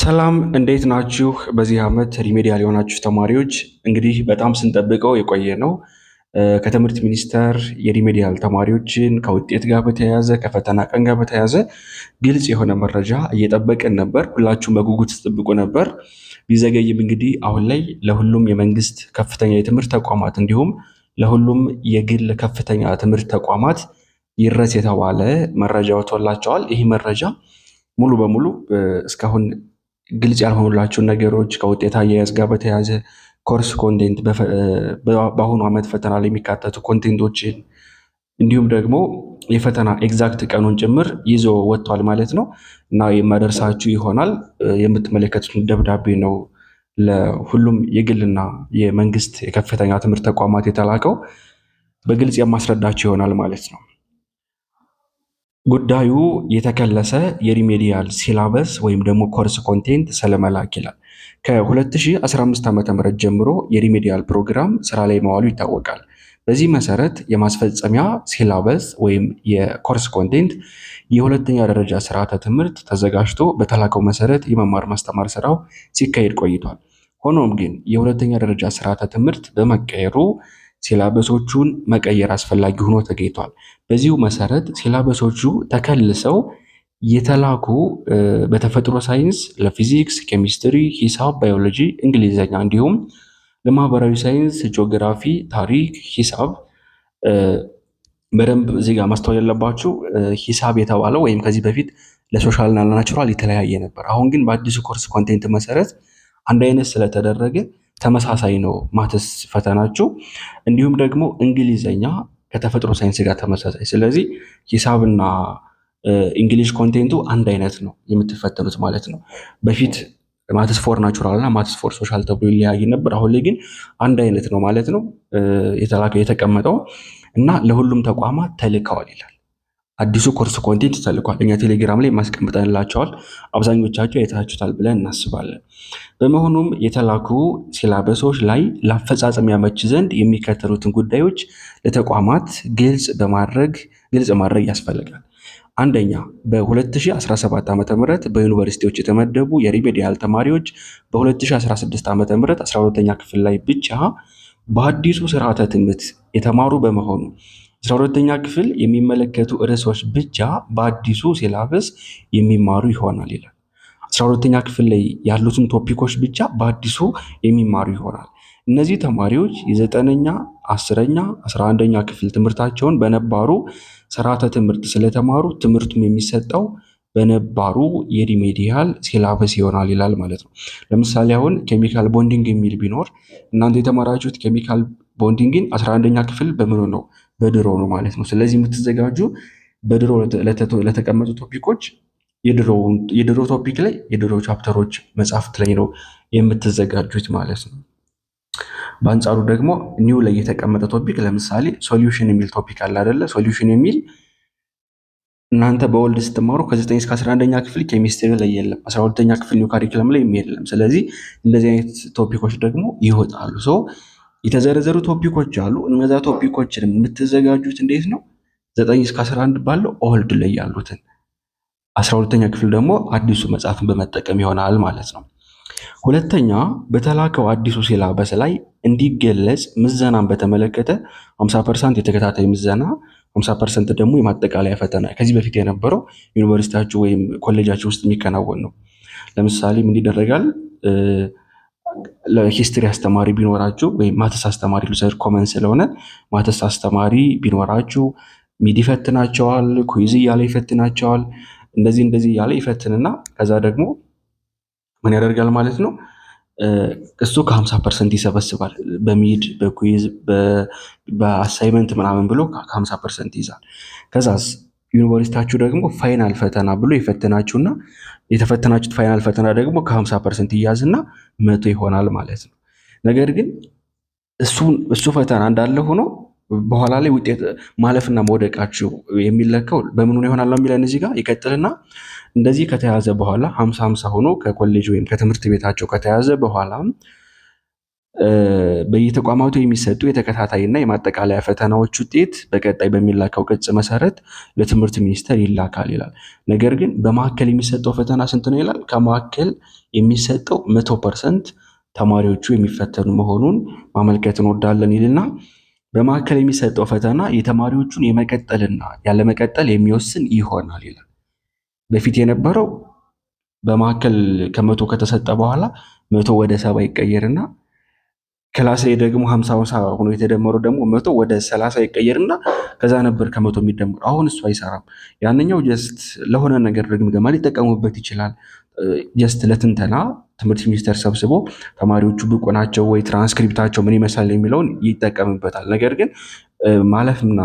ሰላም እንዴት ናችሁ? በዚህ ዓመት ሪሜዲያል የሆናችሁ ተማሪዎች እንግዲህ በጣም ስንጠብቀው የቆየ ነው። ከትምህርት ሚኒስቴር የሪሜዲያል ተማሪዎችን ከውጤት ጋር በተያያዘ ከፈተና ቀን ጋር በተያያዘ ግልጽ የሆነ መረጃ እየጠበቅን ነበር። ሁላችሁም በጉጉት ስጠብቁ ነበር። ቢዘገይም እንግዲህ አሁን ላይ ለሁሉም የመንግስት ከፍተኛ የትምህርት ተቋማት እንዲሁም ለሁሉም የግል ከፍተኛ ትምህርት ተቋማት ይረስ የተባለ መረጃ ወጥቶላቸዋል። ይህ መረጃ ሙሉ በሙሉ እስካሁን ግልጽ ያልሆኑላቸው ነገሮች ከውጤት አያያዝ ጋር በተያያዘ ኮርስ ኮንቴንት በአሁኑ ዓመት ፈተና ላይ የሚካተቱ ኮንቴንቶችን እንዲሁም ደግሞ የፈተና ኤግዛክት ቀኑን ጭምር ይዞ ወጥቷል ማለት ነው እና የማደርሳችሁ ይሆናል። የምትመለከቱትን ደብዳቤ ነው ለሁሉም የግልና የመንግስት የከፍተኛ ትምህርት ተቋማት የተላከው። በግልጽ የማስረዳችሁ ይሆናል ማለት ነው። ጉዳዩ የተከለሰ የሪሜዲያል ሲላበስ ወይም ደግሞ ኮርስ ኮንቴንት ስለመላክ ይላል። ከ2015 ዓ ም ጀምሮ የሪሜዲያል ፕሮግራም ስራ ላይ መዋሉ ይታወቃል። በዚህ መሰረት የማስፈጸሚያ ሲላበስ ወይም የኮርስ ኮንቴንት የሁለተኛ ደረጃ ስርዓተ ትምህርት ተዘጋጅቶ በተላከው መሰረት የመማር ማስተማር ስራው ሲካሄድ ቆይቷል። ሆኖም ግን የሁለተኛ ደረጃ ስርዓተ ትምህርት በመቀየሩ ሲላበሶቹን መቀየር አስፈላጊ ሆኖ ተገኝቷል። በዚሁ መሰረት ሲላበሶቹ ተከልሰው የተላኩ በተፈጥሮ ሳይንስ ለፊዚክስ፣ ኬሚስትሪ፣ ሂሳብ፣ ባዮሎጂ፣ እንግሊዝኛ እንዲሁም ለማህበራዊ ሳይንስ፣ ጂኦግራፊ፣ ታሪክ፣ ሂሳብ በደንብ እዚህ ጋር ማስተዋል ያለባችሁ ሂሳብ የተባለው ወይም ከዚህ በፊት ለሶሻልና ለናቹራል የተለያየ ነበር። አሁን ግን በአዲሱ ኮርስ ኮንቴንት መሰረት አንድ አይነት ስለተደረገ ተመሳሳይ ነው ማትስ ፈተናችሁ። እንዲሁም ደግሞ እንግሊዘኛ ከተፈጥሮ ሳይንስ ጋር ተመሳሳይ። ስለዚህ ሂሳብና እንግሊሽ ኮንቴንቱ አንድ አይነት ነው የምትፈተኑት ማለት ነው። በፊት ማትስ ፎር ናቹራል እና ማትስ ፎር ሶሻል ተብሎ ይለያይ ነበር። አሁን ላይ ግን አንድ አይነት ነው ማለት ነው የተቀመጠው እና ለሁሉም ተቋማት ተልከዋል ይላል። አዲሱ ኮርስ ኮንቴንት ተልቋል። እኛ ቴሌግራም ላይ ማስቀምጠንላቸዋል። አብዛኞቻቸው አይታችሁታል ብለን እናስባለን። በመሆኑም የተላኩ ሲላበሶች ላይ ለአፈጻጸም ያመች ዘንድ የሚከተሉትን ጉዳዮች ለተቋማት ግልጽ በማድረግ ግልጽ ማድረግ ያስፈልጋል። አንደኛ በ2017 ዓ ም በዩኒቨርሲቲዎች የተመደቡ የሪሜዲያል ተማሪዎች በ2016 ዓ ም 12ኛ ክፍል ላይ ብቻ በአዲሱ ስርዓተ ትምህርት የተማሩ በመሆኑ አስራ ሁለተኛ ክፍል የሚመለከቱ ርዕሶች ብቻ በአዲሱ ሲላበስ የሚማሩ ይሆናል ይላል። አስራ ሁለተኛ ክፍል ላይ ያሉትን ቶፒኮች ብቻ በአዲሱ የሚማሩ ይሆናል። እነዚህ ተማሪዎች የዘጠነኛ አስረኛ አስራ አንደኛ ክፍል ትምህርታቸውን በነባሩ ስርዓተ ትምህርት ስለተማሩ ትምህርቱም የሚሰጠው በነባሩ የሪሜዲያል ሲላበስ ይሆናል ይላል ማለት ነው። ለምሳሌ አሁን ኬሚካል ቦንዲንግ የሚል ቢኖር እናንተ የተማራችሁት ኬሚካል ቦንዲንግን አስራ አንደኛ ክፍል በምኑ ነው? በድሮ ነው ማለት ነው። ስለዚህ የምትዘጋጁ በድሮ ለተቀመጡ ቶፒኮች የድሮ ቶፒክ ላይ የድሮ ቻፕተሮች መጽሐፍት ላይ ነው የምትዘጋጁት ማለት ነው። በአንጻሩ ደግሞ ኒው ላይ የተቀመጠ ቶፒክ ለምሳሌ ሶሉሽን የሚል ቶፒክ አለ አይደለ? ሶሉሽን የሚል እናንተ በወልድ ስትማሩ ከ9 እስከ 11ኛ ክፍል ኬሚስትሪ ላይ የለም። 12ኛ ክፍል ኒው ካሪክለም ላይ የለም። ስለዚህ እንደዚህ አይነት ቶፒኮች ደግሞ ይወጣሉ ሰው የተዘረዘሩ ቶፒኮች አሉ። እነዛ ቶፒኮችን የምትዘጋጁት እንዴት ነው? ዘጠኝ እስከ አስራ አንድ ባለው ኦልድ ላይ ያሉትን አስራ ሁለተኛ ክፍል ደግሞ አዲሱ መጽሐፍን በመጠቀም ይሆናል ማለት ነው። ሁለተኛ በተላከው አዲሱ ሲላበስ ላይ እንዲገለጽ ምዘናን በተመለከተ 50 ፐርሰንት የተከታታይ ምዘና 50 ፐርሰንት ደግሞ የማጠቃለያ ፈተና ከዚህ በፊት የነበረው ዩኒቨርሲቲያችሁ ወይም ኮሌጃችሁ ውስጥ የሚከናወን ነው። ለምሳሌ ምን ይደረጋል? ለሂስትሪ አስተማሪ ቢኖራችሁ ወይም ማተስ አስተማሪ ሉዘር ኮመን ስለሆነ ማተስ አስተማሪ ቢኖራችሁ ሚድ ይፈትናቸዋል፣ ኩይዝ እያለ ይፈትናቸዋል። እንደዚህ እንደዚህ እያለ ይፈትንና ከዛ ደግሞ ምን ያደርጋል ማለት ነው እሱ ከ50 ፐርሰንት ይሰበስባል። በሚድ በኩይዝ በአሳይመንት ምናምን ብሎ ከ50 ፐርሰንት ይይዛል። ከዛስ ዩኒቨርሲቲያችሁ ደግሞ ፋይናል ፈተና ብሎ የፈተናችሁና የተፈተናችሁት ፋይናል ፈተና ደግሞ ከ50 ፐርሰንት ይያዝና መቶ ይሆናል ማለት ነው። ነገር ግን እሱ ፈተና እንዳለ ሆኖ በኋላ ላይ ውጤት ማለፍና መውደቃችሁ የሚለካው በምን ይሆናል ነው የሚለን እዚህ ጋር ይቀጥልና እንደዚህ ከተያዘ በኋላ ሀምሳ ሀምሳ ሆኖ ከኮሌጅ ወይም ከትምህርት ቤታቸው ከተያዘ በኋላ በየተቋማቱ የሚሰጡ እና የማጠቃለያ ፈተናዎች ውጤት በቀጣይ በሚላከው ቅጽ መሰረት ለትምህርት ሚኒስቴር ይላካል ይላል። ነገር ግን በማዕከል የሚሰጠው ፈተና ስንት ነው ይላል። ከማዕከል የሚሰጠው መቶ ፐርሰንት ተማሪዎቹ የሚፈተኑ መሆኑን ማመልከት እንወዳለን ይልና በማዕከል የሚሰጠው ፈተና የተማሪዎቹን የመቀጠልና ያለመቀጠል የሚወስን ይሆናል ይላል። በፊት የነበረው በማዕከል ከመቶ ከተሰጠ በኋላ መቶ ወደ ሰባ ይቀየርና ክላስ ላይ ደግሞ ሀምሳ ሀምሳ ሆኖ የተደመሩ ደግሞ መቶ ወደ ሰላሳ ይቀየርና ከዛ ነበር ከመቶ የሚደምረው። አሁን እሱ አይሰራም። ያንኛው ጀስት ለሆነ ነገር ግምገማ ሊጠቀሙበት ይችላል። ጀስት ለትንተና ትምህርት ሚኒስቴር ሰብስቦ ተማሪዎቹ ብቁ ናቸው ወይ፣ ትራንስክሪፕታቸው ምን ይመስላል የሚለውን ይጠቀምበታል። ነገር ግን ማለፍና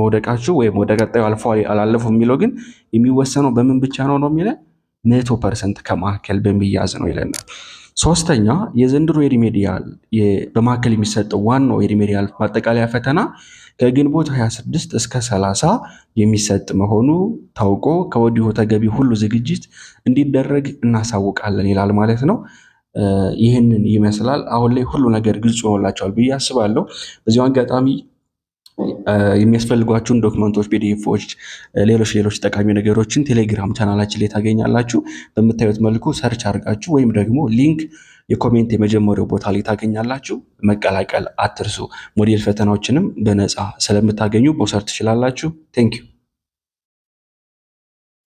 መውደቃችሁ ወይም ወደ ቀጣዩ አልፎ አላለፉ የሚለው ግን የሚወሰነው በምን ብቻ ነው ነው የሚለን መቶ ፐርሰንት ከማካከል በሚያዝ ነው ይለናል። ሶስተኛ የዘንድሮ የሪሜዲያል በማዕከል የሚሰጠው ዋናው የሪሜዲያል ማጠቃለያ ፈተና ከግንቦት 26 እስከ 30 የሚሰጥ መሆኑ ታውቆ ከወዲሁ ተገቢ ሁሉ ዝግጅት እንዲደረግ እናሳውቃለን ይላል ማለት ነው። ይህንን ይመስላል። አሁን ላይ ሁሉ ነገር ግልጽ ይሆንላቸዋል ብዬ አስባለሁ። በዚሁ አጋጣሚ የሚያስፈልጓችሁን ዶክመንቶች፣ ፒዲኤፎች፣ ሌሎች ሌሎች ጠቃሚ ነገሮችን ቴሌግራም ቻናላችን ላይ ታገኛላችሁ። በምታዩት መልኩ ሰርች አድርጋችሁ ወይም ደግሞ ሊንክ የኮሜንት የመጀመሪያው ቦታ ላይ ታገኛላችሁ። መቀላቀል አትርሱ። ሞዴል ፈተናዎችንም በነፃ ስለምታገኙ መውሰድ ትችላላችሁ። ዩ